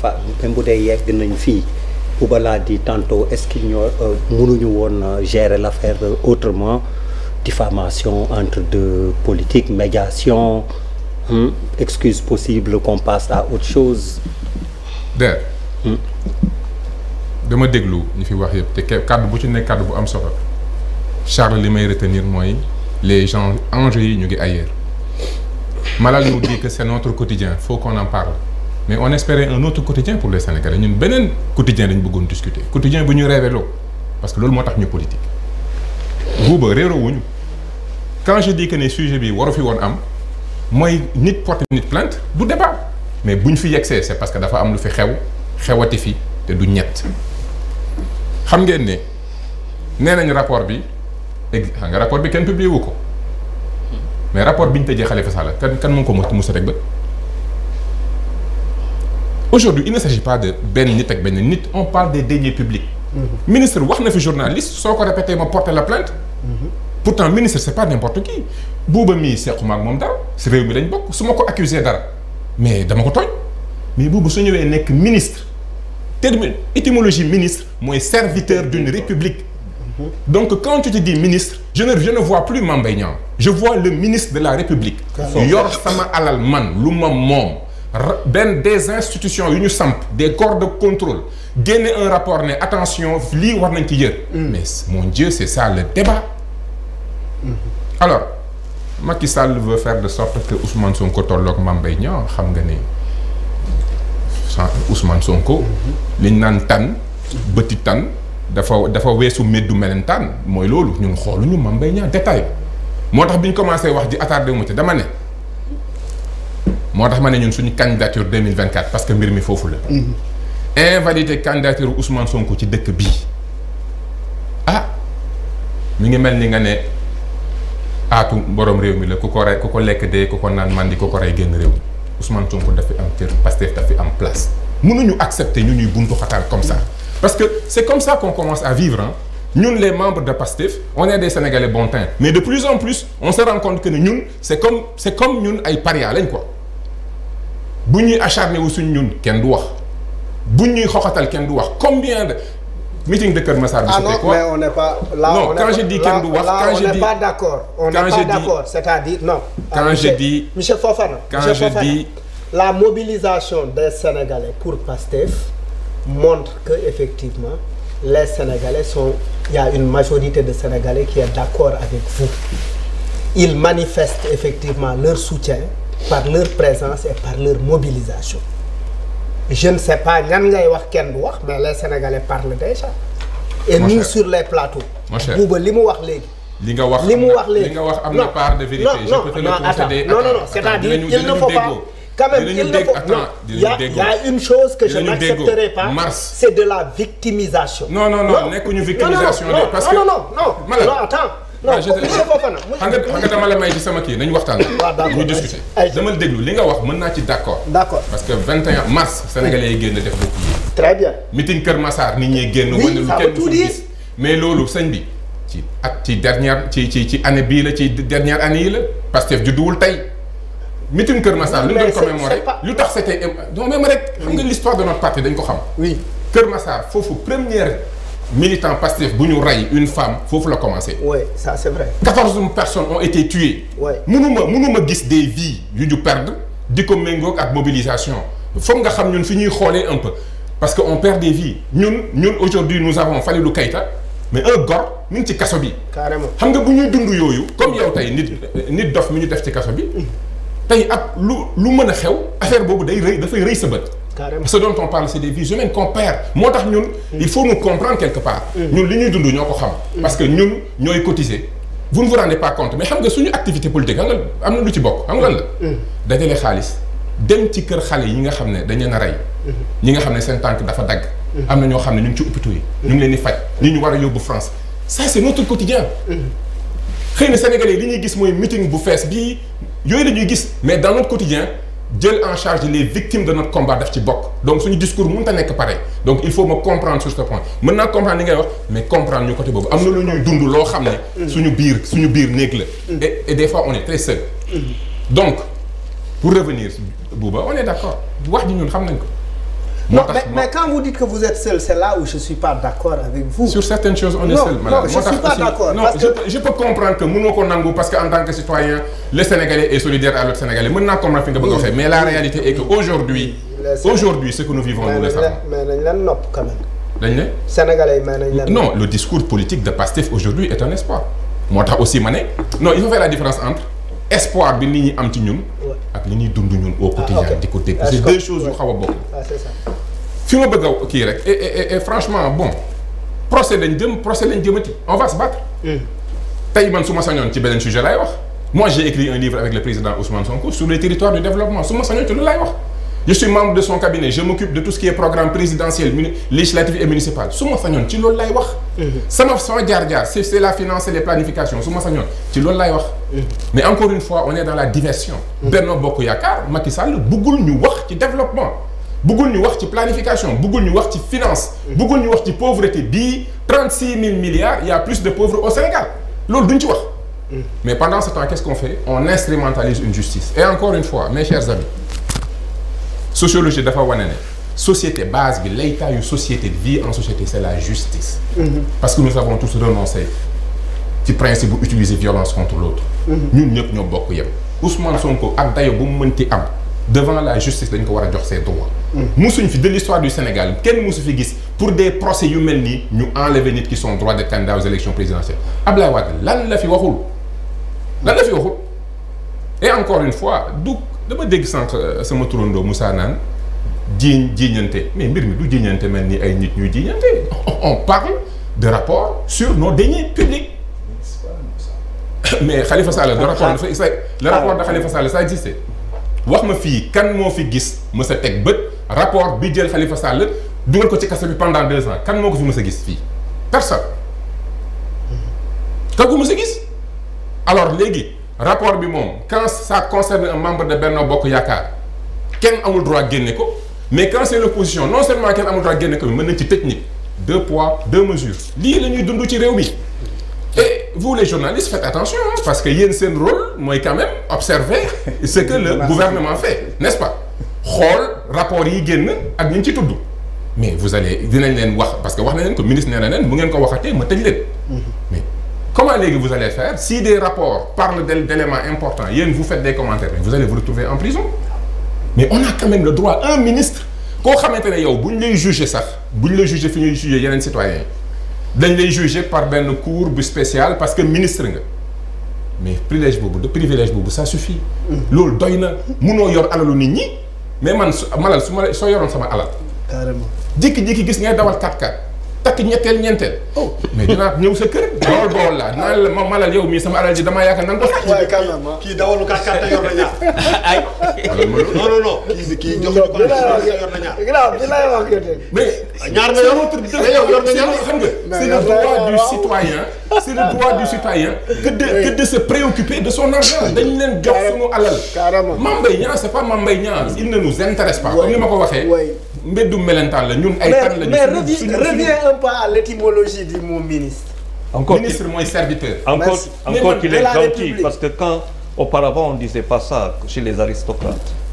fa même bu dee yegg nañ fii Oubala dit tantôt est-ce qu'il ñoo euh, mënuñu woon euh, gérer l'affaire euh, autrement diffamation entre deux politiques médiation hmm, excuse possible qu'on passe à autre chose der hmm, dama déglu ñu fi wax yëpp te kàddu bu ci nekk kàddu bu am solo Charles li may retenir mooy les gens enjeux yi ñu ngi ailleurs Malal nous dit que c'est notre quotidien faut qu'on en parle mais on espérait un autre quotidien pour les Sénégalais ñun beneen quotidien dañ bëggoon discuter quotidien bu ñu révéloo parce que loolu moo tax ñu politique buuba réero wuñu quand je dis que ne sujet bi waru fi woon am mooy nit porte nit plainte du débat mais bu ñu fi yegg see c'est parce que dafa am lu fi xew xewati fi te du ñett xam ngeen ne nee nañ rapport bi ex xam nga rapport bi kenn publié wu ko mais rapport bi ñu tëjee Khalifa Sall kan kan mu ngi ko mos a aujourd'hui il ne s'agit pas de benn nit ak benn nit on parle des deniers publics mm-hmm. ministre wax na fi journaliste soo ko répété ma porté la plainte mm-hmm. pourtant ministre c'est pas n'importe qui buuba mii sequma ak moom dara si réew mi bokk su ma ko accusé dara mais dama ko tooñ mais buuba su ñëwee nekk ministre terme étymologie ministre mooy serviteur d'une république mm-hmm. donc quand tu te dis ministre je ne je ne vois plus Mame je vois le ministre de la république yor sama alal man lu ma moom benn des institutions yu ñu samp des corps de contrôle génne un rapport ne attention lii war nañ ci jër mm. mais moo Dieu c'est ça le débat mmh. alors Macky Sall veut faire de sorte que Ousmane Sonko tollook Mame Mbaye Niang xam nga ne Ousmane Sonko mm-hmm. liñ naan tan bëti tan dafa dafa weesu meddu melen tan mooy loolu ñu ñun xooluñu Mame Mbaye Niang détail moo tax bi ñu commencé wax ji attardé mu ci dama ne moo tax ma ne ñun suñu candidature 2024 parce que mbir mi foofu la. Mhm. invalidé candidature Ousmane Sonko ci dëkk bii ah mi ngi mel ni nga ne aatu borom réew mi la ku ko rey ku ko lekk dee ku ko naan mandi ku ko rey génn réew mi Ousmane Sonko dafa am cër Pastef dafa am place mënuñu accepter ñu ñuy buntu xataal comme ça parce que c'est comme ça qu'on commence à vivre hein. ñun les membres de PASTEF on est des sénégalais bon teint mais de plus en plus on se rend compte que ne ñun comme c'est ay paria lañ quoi bu ñuy acharné wu suñ ñun kenn du wax bu ñuy xoxatal kenn du wax combien de meeting de Kër Massar. ah non mais on n'est pas là non quand je dis kenn du wax quand je dis on n'est pas non. quand ah, je monsieur Fofana. quand je la mobilisation des Sénégalais pour PASTEF montre que effectivement les Sénégalais sont il y a une majorité de Sénégalais qui est d'accord avec vous ils manifestent effectivement leur soutien. par leur présence et par leur mobilisation je ne sais pas ñan ngay wax kenn du wax mais les sénégalais parlent déjà et nous sur les plateaux buuba li mu wax léegi li nga wax li mu wax léegi li nga wax am na par de vérité je peux te le concéder non non non c'est-à-dire il ne faut pas quand même il ne faut non il y a une chose c'est de la victimisation non non non nekkuñu victimisation parce ah, que non non non non attends non xam nga xam nga dama la may ci sama kii nañu waxtaan. waaw d' accord ñu discuter. dama la déglu li nga wax mën naa ci d' accord. d' accord parce que 21 mars. sénégalais yi génn def bokk yi. très bien. meeting Kër Massar nit ñi génn. wane lu kenn du gis mais loolu sëñ bi. ci at ci dernière ci ci ci année bii la ci dernière année yi la Pastef judduwul tey. meeting Kër Massar lu ñu doon commémorer lu tax c'était non même rek. xam nga l'histoire de notre parti dañ ko xam. oui Kër Massar foofu première. militant Pastef bu ñu rey une femme foofu la commencé. oui ça c'est vrai. quatorze personnes ont été tuées. oui mënuma mënuma gis des vies yu ñu perd di ko méngoog ak mobilisation foog nga xam ñun fi ñuy xoolee un peu parce que on perd des vies ñun ñun aujourd'hui nous avons lu Keïta mais un gor mi ngi ci kaso bi. carrément xam nga bu ñuy dund yooyu comme yow tey nit nit dof mu ñu def ci kaso bi tey ak lu lu mën a xew affaire boobu day rëy dafay rëy sa bët. carrément ce dont on parle c'est des vies moo tax ñun. Mm. il faut nous comprendre quelque mm. li ñuy dund ñoo ko xam. Mm. parce que ñun ñooy cotiser. vous ne vous rendez pas compte mais xam nga suñu activité politique am na am na lu ci bokk am nga lan la. dajale xaalis dem ci kër xale yi nga xam ne dañu leen rey. ñi nga xam ne seen tànk dafa dagg. am na ñoo xam ne ñu ci hôpitaux yi. ñu leen di faj ñi ñu war a yóbbu France ça c'est notre quotidien. xëy na sénégalais li ñuy gis mooy meeting bu fees bii yooyu la ñuy gis mais dans notre quotidien jël en charge les victimes de notre combat daf ci bokk donc suñu discours mënut a nekk pareil donc il faut ma comprendre sur ce point mën naa comprendre li ngay wax mais comprendre ñu côté boobu am na lu ñuy dund loo xam ne. suñu biir suñu biir néeg la. Mm. et et des fois on est très seul. Mm. donc pour revenir booba one est d' accord wax ji ñun xam nañ ko. moo tax mais mais quand vous dites que vous êtes seul c'est là où je suis pas d'accord avec vous. sur certaines choses on est seul. maanaam je suis pas d'accord non je peux comprendre que mënoo ko nangu parce que en tant que citoyen le Sénégalais est solidaire à l'autre Sénégalais mën naa comprendre fi nga bëgg mais la réalité est que aujourd'hui aujourd'hui ce que nous vivons nous le savons. mais dañ non le discours politique de Pastef aujourd'hui est un espoir. moo fi ma bëgg a kii rek et et franchement bon procès lañ jëm procès lañ on va se battre. Mm. tey man su ma sañoon ci beneen sujet lay wax. moi j'ai écrit un livre avec le président Ousmane Sonko sur les territoires du développement su ma sañoon ci lu lay wax. je suis membre de son cabinet je m'occupe de tout ce qui est programme présidentiel muni législatif et municipal su ma sañoon ci loolu laay wax. Mm-hmm. sama sama jaar-jaar c'est c'est la finance et les planifications su ma mm-hmm. la diversion. Mm-hmm. Benno Bokk Yaakaar Macky Sall bëggul ñu wax ci bëggul ñu wax ci planification bëggul ñu wax ci finance bëggul ñu wax ci pauvreté bi trente six mille milliards il y a plus de pauvres au Sénégal loolu duñ ci wax mais pendant ce temps qu'est-ce qu'on fait on instrumentalise une justice et encore une fois mes chers amis sociologie dafa wane ne société base bi lay taayu société vie en société c'est la justice parce que nous avons tous renoncé ci principe bu utiliser violence contre l'autre ñun ñëpp ñoo bokk yem Ousmane Sonko ak dayo bu mu mënti am devant la justice dañ ko war a jox ses droits musuñ fi de l'histoire du Sénégal kenn musu fi gis pour des procès yu mel nii ñu enlever nit ki sont droit de candidat aux élections présidentielles Ablaye Wade lan la fi waxul lan la fi waxul et encore une fois du dama dégg sànq euh, sama turandoo Moussa naan jiiñ jiiñante mais mbir mi du jiiñante mel ni ay nit ñuy jiiñante on parle de rapport sur nos deniers publics mais Khalifa Sall le rapport dafa le de Khalifa Sall ça existait wax ma fii kan moo fi gis ma sa teg bët rapport bi jël Khalifa Sall dugal ko ci kaso bi pendant deux ans kan moo ko fi mës a gis fii personne kan mm-hmm. ko mës a gis alors léegi rapport bi moom quand ça concerne membre de Benno Bokk Yaakaar kenn amul droit génne ko mais quand c'est l'opposition non seulement kenn amul droit génne ko mais mën nañ ci technique deux poids deux mesures lii la ñuy dund ci réew mi mm-hmm. et vous les journalistes faites attention parce que yéen seen rôle mooy quand même observer ce que le gouvernement fait n'est-ce pas xool rapport yi génn ak ñi ci tudd mais vous allez dinañ leen wax parce que wax na leen ko ministre neen na leen bu ngeen ko waxatee ma tëj leen. mais comment léegi vous allez faire si des rapports parlent d'éléments importants yéen vous faites des commentaires vous allez vous retrouver en prison mais on a quand même droit un ministre koo xamante ne yow bu ñu lay juger sax bu ñu la juger fi ñu juger yeneen citoyens yi dañ lay juger par benn cour bu spécial parce que ministre nga mais privilège boobu de privilège boobu ça suffit. Mm. loolu doy na munoo yor alalu nit ñi. mais man su malal su ma soo yoroon sama alal. carrément jékki-jékki gis ngay dawal 4x4. takk ñetteel ñeenteel. oh mais dinaa ñëw sa kër. lool bool laa dinaa la ma malal yow mii sama alal ji damaa yaakaar na nga ko. waaye kan la ma du citoyen. c'est le droit du citoyen. que de que de se préoccuper de leen jox suñu alal. carrément Mame Mbaye Niang c'est pas Mame Mbaye Niang. il comme ni ma ko waxee. mbeddu melentaan la ñun ay tan lañu mais reviens un peu à l'étymologie du mot ministre encore ministre mooy serviteur encore encore qu'il est gentil parce que quand auparavant on disait pas ça chez les aristocrates